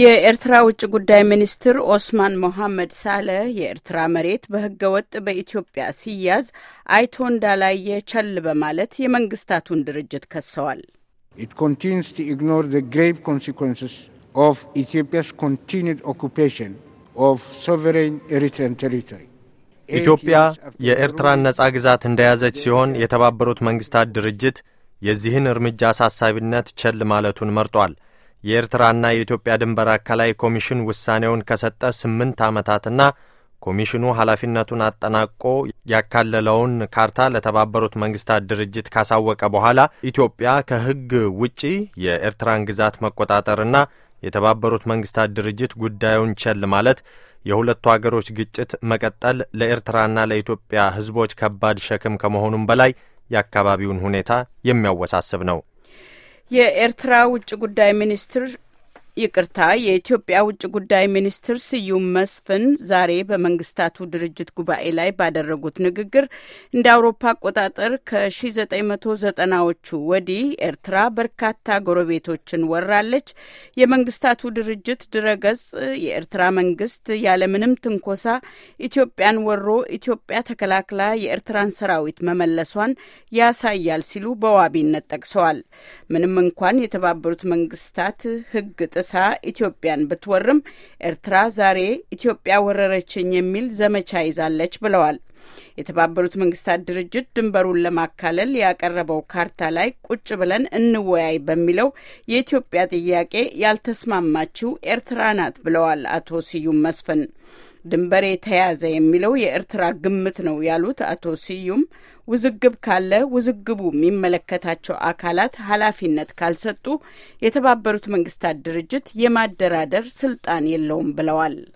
የኤርትራ ውጭ ጉዳይ ሚኒስትር ኦስማን ሞሐመድ ሳለህ የኤርትራ መሬት በህገ ወጥ በኢትዮጵያ ሲያዝ አይቶ እንዳላየ ቸል በማለት የመንግስታቱን ድርጅት ከሰዋል። ኢትዮጵያ የኤርትራን ነጻ ግዛት እንደያዘች ሲሆን የተባበሩት መንግስታት ድርጅት የዚህን እርምጃ አሳሳቢነት ቸል ማለቱን መርጧል። የኤርትራና የኢትዮጵያ ድንበር አካላይ ኮሚሽን ውሳኔውን ከሰጠ ስምንት ዓመታትና ኮሚሽኑ ኃላፊነቱን አጠናቆ ያካለለውን ካርታ ለተባበሩት መንግስታት ድርጅት ካሳወቀ በኋላ ኢትዮጵያ ከሕግ ውጪ የኤርትራን ግዛት መቆጣጠርና የተባበሩት መንግስታት ድርጅት ጉዳዩን ቸል ማለት የሁለቱ አገሮች ግጭት መቀጠል ለኤርትራና ለኢትዮጵያ ሕዝቦች ከባድ ሸክም ከመሆኑም በላይ የአካባቢውን ሁኔታ የሚያወሳስብ ነው። የኤርትራ ውጭ ጉዳይ ሚኒስትር ይቅርታ፣ የኢትዮጵያ ውጭ ጉዳይ ሚኒስትር ስዩም መስፍን ዛሬ በመንግስታቱ ድርጅት ጉባኤ ላይ ባደረጉት ንግግር እንደ አውሮፓ አቆጣጠር ከ1990ዎቹ ወዲህ ኤርትራ በርካታ ጎረቤቶችን ወራለች። የመንግስታቱ ድርጅት ድረገጽ የኤርትራ መንግስት ያለምንም ትንኮሳ ኢትዮጵያን ወሮ ኢትዮጵያ ተከላክላ የኤርትራን ሰራዊት መመለሷን ያሳያል ሲሉ በዋቢነት ጠቅሰዋል። ምንም እንኳን የተባበሩት መንግስታት ህግ መልሳ ኢትዮጵያን ብትወርም ኤርትራ ዛሬ ኢትዮጵያ ወረረችኝ የሚል ዘመቻ ይዛለች ብለዋል። የተባበሩት መንግስታት ድርጅት ድንበሩን ለማካለል ያቀረበው ካርታ ላይ ቁጭ ብለን እንወያይ በሚለው የኢትዮጵያ ጥያቄ ያልተስማማችው ኤርትራ ናት ብለዋል አቶ ስዩም መስፍን። ድንበሬ ተያዘ የሚለው የኤርትራ ግምት ነው ያሉት አቶ ስዩም ውዝግብ ካለ ውዝግቡ የሚመለከታቸው አካላት ኃላፊነት ካልሰጡ የተባበሩት መንግስታት ድርጅት የማደራደር ስልጣን የለውም ብለዋል።